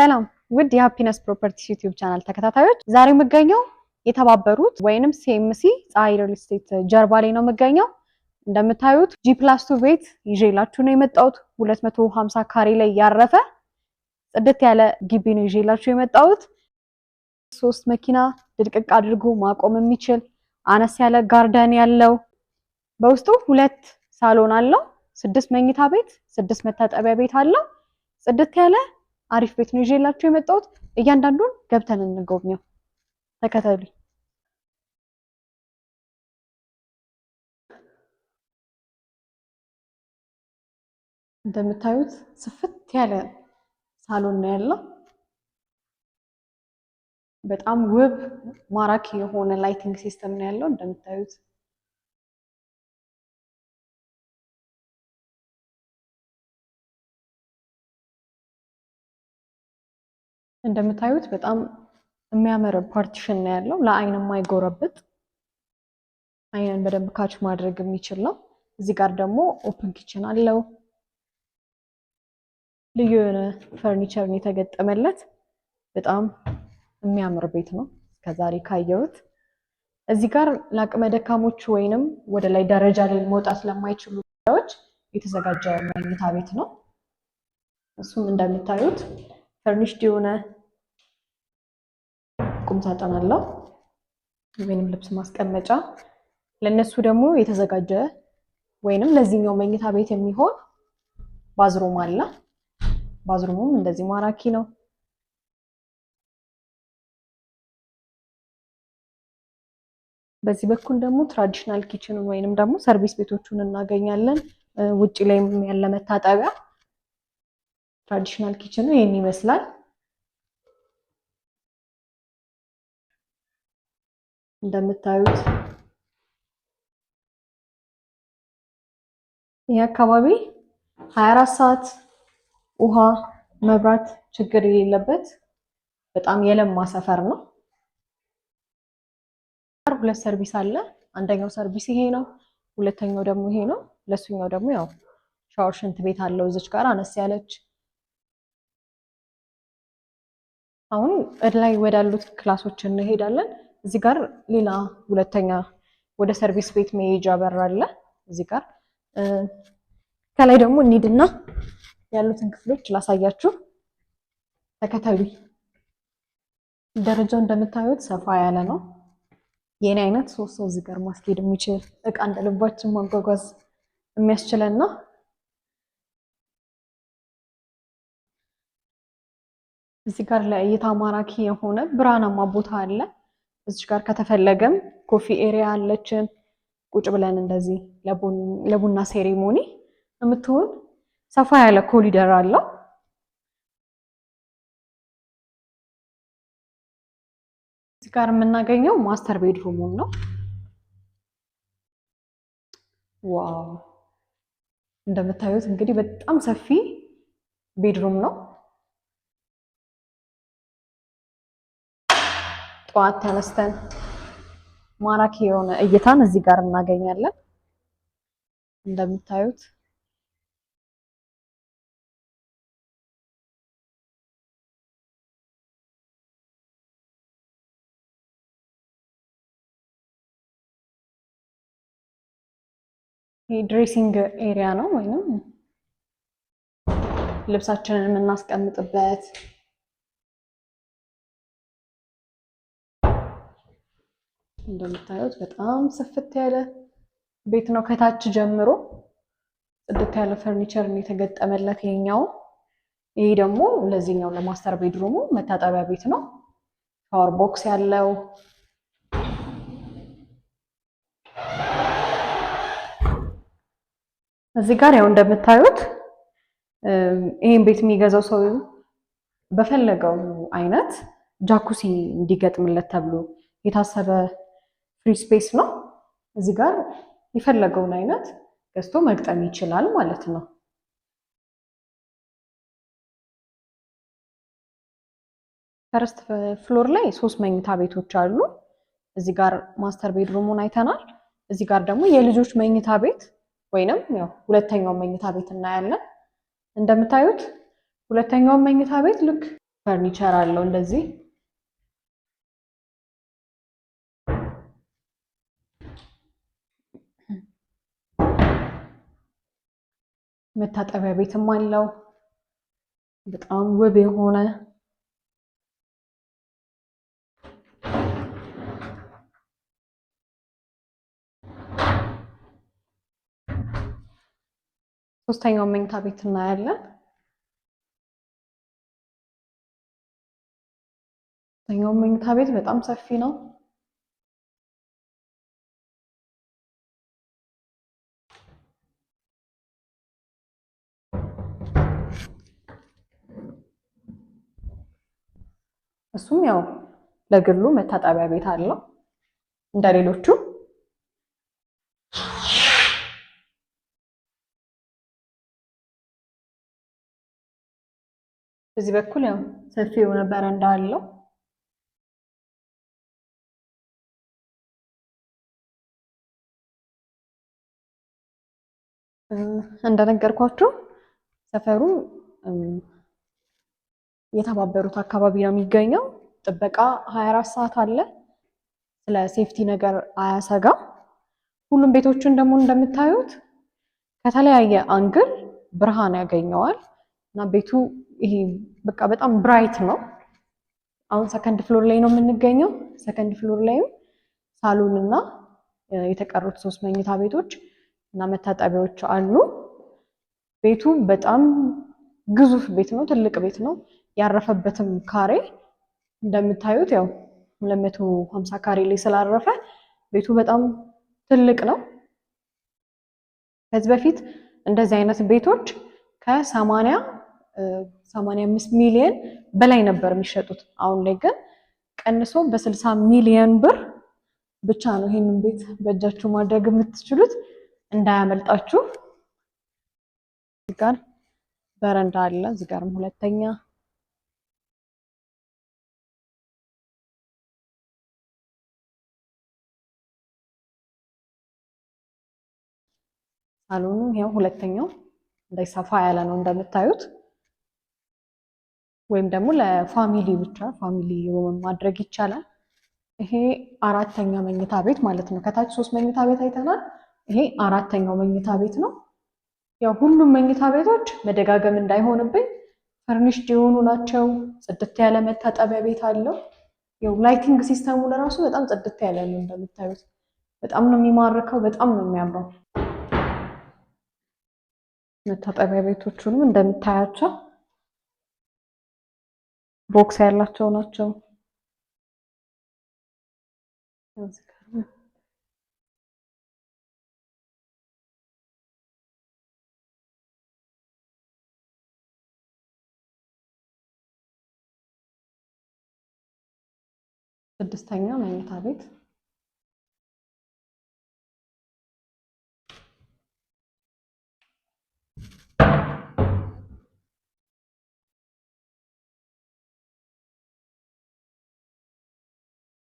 ሰላም ውድ የሀፒነስ ፕሮፐርቲስ ዩቲዩብ ቻናል ተከታታዮች፣ ዛሬ የምገኘው የተባበሩት ወይንም ሲኤምሲ ፀሐይ ሪል ስቴት ጀርባ ላይ ነው የምገኘው። እንደምታዩት ጂ ፕላስ ቱ ቤት ይዤላችሁ ነው የመጣሁት። ሀምሳ ካሬ ላይ ያረፈ ጽድት ያለ ግቢ ነው ይዤላችሁ የመጣሁት። ሶስት መኪና ድልቅቅ አድርጎ ማቆም የሚችል አነስ ያለ ጋርደን ያለው በውስጡ ሁለት ሳሎን አለው። ስድስት መኝታ ቤት፣ ስድስት መታጠቢያ ቤት አለው። ጽድት ያለ አሪፍ ቤት ነው ይዤላችሁ የመጣሁት። እያንዳንዱን ገብተን እንጎብኘው፣ ተከተሉ። እንደምታዩት ስፍት ያለ ሳሎን ነው ያለው። በጣም ውብ ማራኪ የሆነ ላይቲንግ ሲስተም ነው ያለው እንደምታዩት እንደምታዩት በጣም የሚያምር ፓርቲሽን ነው ያለው። ለአይን የማይጎረብጥ አይንን በደንብ ካች ማድረግ የሚችል ነው። እዚህ ጋር ደግሞ ኦፕን ኪችን አለው። ልዩ የሆነ ፈርኒቸርን የተገጠመለት በጣም የሚያምር ቤት ነው ከዛሬ ካየሁት። እዚህ ጋር ለአቅመ ደካሞች ወይንም ወደ ላይ ደረጃ ላይ መውጣት ለማይችሉ ሰዎች የተዘጋጀ መኝታ ቤት ነው። እሱም እንደምታዩት ፈርኒሽድ የሆነ ቁምሳጥን አለው፣ ወይንም ልብስ ማስቀመጫ። ለእነሱ ደግሞ የተዘጋጀ ወይንም ለዚህኛው መኝታ ቤት የሚሆን ባዝሩም አለ። ባዝሩሙም እንደዚህ ማራኪ ነው። በዚህ በኩል ደግሞ ትራዲሽናል ኪችን ወይንም ደግሞ ሰርቪስ ቤቶቹን እናገኛለን። ውጭ ላይም ያለ መታጠቢያ ትራዲሽናል ኪችኑ ይህን ይመስላል። እንደምታዩት ይህ አካባቢ 24 ሰዓት ውሃ መብራት ችግር የሌለበት በጣም የለማ ሰፈር ነው። ሁለት ሰርቪስ አለ። አንደኛው ሰርቪስ ይሄ ነው። ሁለተኛው ደግሞ ይሄ ነው። ለሱኛው ደግሞ ያው ሻወር ሽንት ቤት አለው። እዚች ጋር አነስ ያለች አሁን ላይ ወዳሉት ክላሶች እንሄዳለን። እዚህ ጋር ሌላ ሁለተኛ ወደ ሰርቪስ ቤት መሄጃ በር አለ። እዚህ ጋር ከላይ ደግሞ እንሂድና ያሉትን ክፍሎች ላሳያችሁ። ተከተሉኝ። ደረጃው እንደምታዩት ሰፋ ያለ ነው። የኔ አይነት ሶስት ሰው እዚህ ጋር ማስኬድ የሚችል እቃ እንደልባችን ማጓጓዝ የሚያስችለን ነው። እዚህ ጋር ለእይታ ማራኪ የሆነ ብርሃናማ ቦታ አለ። እዚህ ጋር ከተፈለገም ኮፊ ኤሪያ አለችን። ቁጭ ብለን እንደዚህ ለቡና ሴሪሞኒ የምትሆን ሰፋ ያለ ኮሊደር አለው። እዚህ ጋር የምናገኘው ማስተር ቤድሩሙን ነው። ዋው! እንደምታዩት እንግዲህ በጣም ሰፊ ቤድሩም ነው። ጠዋት ተነስተን ማራኪ የሆነ እይታን እዚህ ጋር እናገኛለን። እንደምታዩት ድሬሲንግ ኤሪያ ነው ወይም ልብሳችንን የምናስቀምጥበት እንደምታዩት በጣም ስፍት ያለ ቤት ነው። ከታች ጀምሮ ጽድት ያለ ፈርኒቸር የተገጠመለት ይሄኛው። ይሄ ደግሞ ለዚህኛው ለማስተር ቤድሩሙ መታጠቢያ ቤት ነው። ፓወር ቦክስ ያለው እዚህ ጋር ያው እንደምታዩት ይህን ቤት የሚገዛው ሰው በፈለገው አይነት ጃኩሲ እንዲገጥምለት ተብሎ የታሰበ ፍሪ ስፔስ ነው። እዚህ ጋር የፈለገውን አይነት ገዝቶ መግጠም ይችላል ማለት ነው። ፈርስት ፍሎር ላይ ሶስት መኝታ ቤቶች አሉ። እዚህ ጋር ማስተር ቤድሩሙን አይተናል። እዚህ ጋር ደግሞ የልጆች መኝታ ቤት ወይንም ያው ሁለተኛው መኝታ ቤት እናያለን። እንደምታዩት ሁለተኛው መኝታ ቤት ልክ ፈርኒቸር አለው እንደዚህ መታጠቢያ ቤትም አለው። በጣም ውብ የሆነ ሶስተኛው መኝታ ቤት እናያለን። ሶስተኛው መኝታ ቤት በጣም ሰፊ ነው። እሱም ያው ለግሉ መታጠቢያ ቤት አለው እንደሌሎቹ። በዚህ በኩል ያው ሰፊ የሆነ በረንዳ አለው። እንደነገርኳችሁ ሰፈሩ የተባበሩት አካባቢ ነው የሚገኘው። ጥበቃ 24 ሰዓት አለ። ስለ ሴፍቲ ነገር አያሰጋም። ሁሉም ቤቶቹን ደግሞ እንደምታዩት ከተለያየ አንግል ብርሃን ያገኘዋል እና ቤቱ ይሄ በቃ በጣም ብራይት ነው። አሁን ሰከንድ ፍሎር ላይ ነው የምንገኘው። ሰከንድ ፍሎር ላይም ሳሎን እና የተቀሩት ሶስት መኝታ ቤቶች እና መታጠቢያዎች አሉ። ቤቱ በጣም ግዙፍ ቤት ነው፣ ትልቅ ቤት ነው። ያረፈበትም ካሬ እንደምታዩት ያው 250 ካሬ ላይ ስላረፈ ቤቱ በጣም ትልቅ ነው። ከዚህ በፊት እንደዚህ አይነት ቤቶች ከ80 85 ሚሊዮን በላይ ነበር የሚሸጡት። አሁን ላይ ግን ቀንሶ በ60 ሚሊዮን ብር ብቻ ነው ይሄንን ቤት በእጃችሁ ማድረግ የምትችሉት። እንዳያመልጣችሁ። እዚህ ጋር በረንዳ አለ። እዚህ ጋርም ሁለተኛ ሳሎኑ ይሄው ሁለተኛው እንደ ሰፋ ያለ ነው እንደምታዩት። ወይም ደግሞ ለፋሚሊ ብቻ ፋሚሊ ማድረግ ይቻላል። ይሄ አራተኛ መኝታ ቤት ማለት ነው። ከታች ሶስት መኝታ ቤት አይተናል። ይሄ አራተኛው መኝታ ቤት ነው። ያው ሁሉም መኝታ ቤቶች መደጋገም እንዳይሆንብኝ ፈርኒሽድ የሆኑ ናቸው። ጽድት ያለ መታጠቢያ ቤት አለው። ያው ላይቲንግ ሲስተሙ ለራሱ በጣም ጽድት ያለ ነው እንደምታዩት። በጣም ነው የሚማርከው። በጣም ነው የሚያምረው። መታጠቢያ ቤቶቹንም እንደምታያቸው ቦክስ ያላቸው ናቸው። ስድስተኛው መኝታ ቤት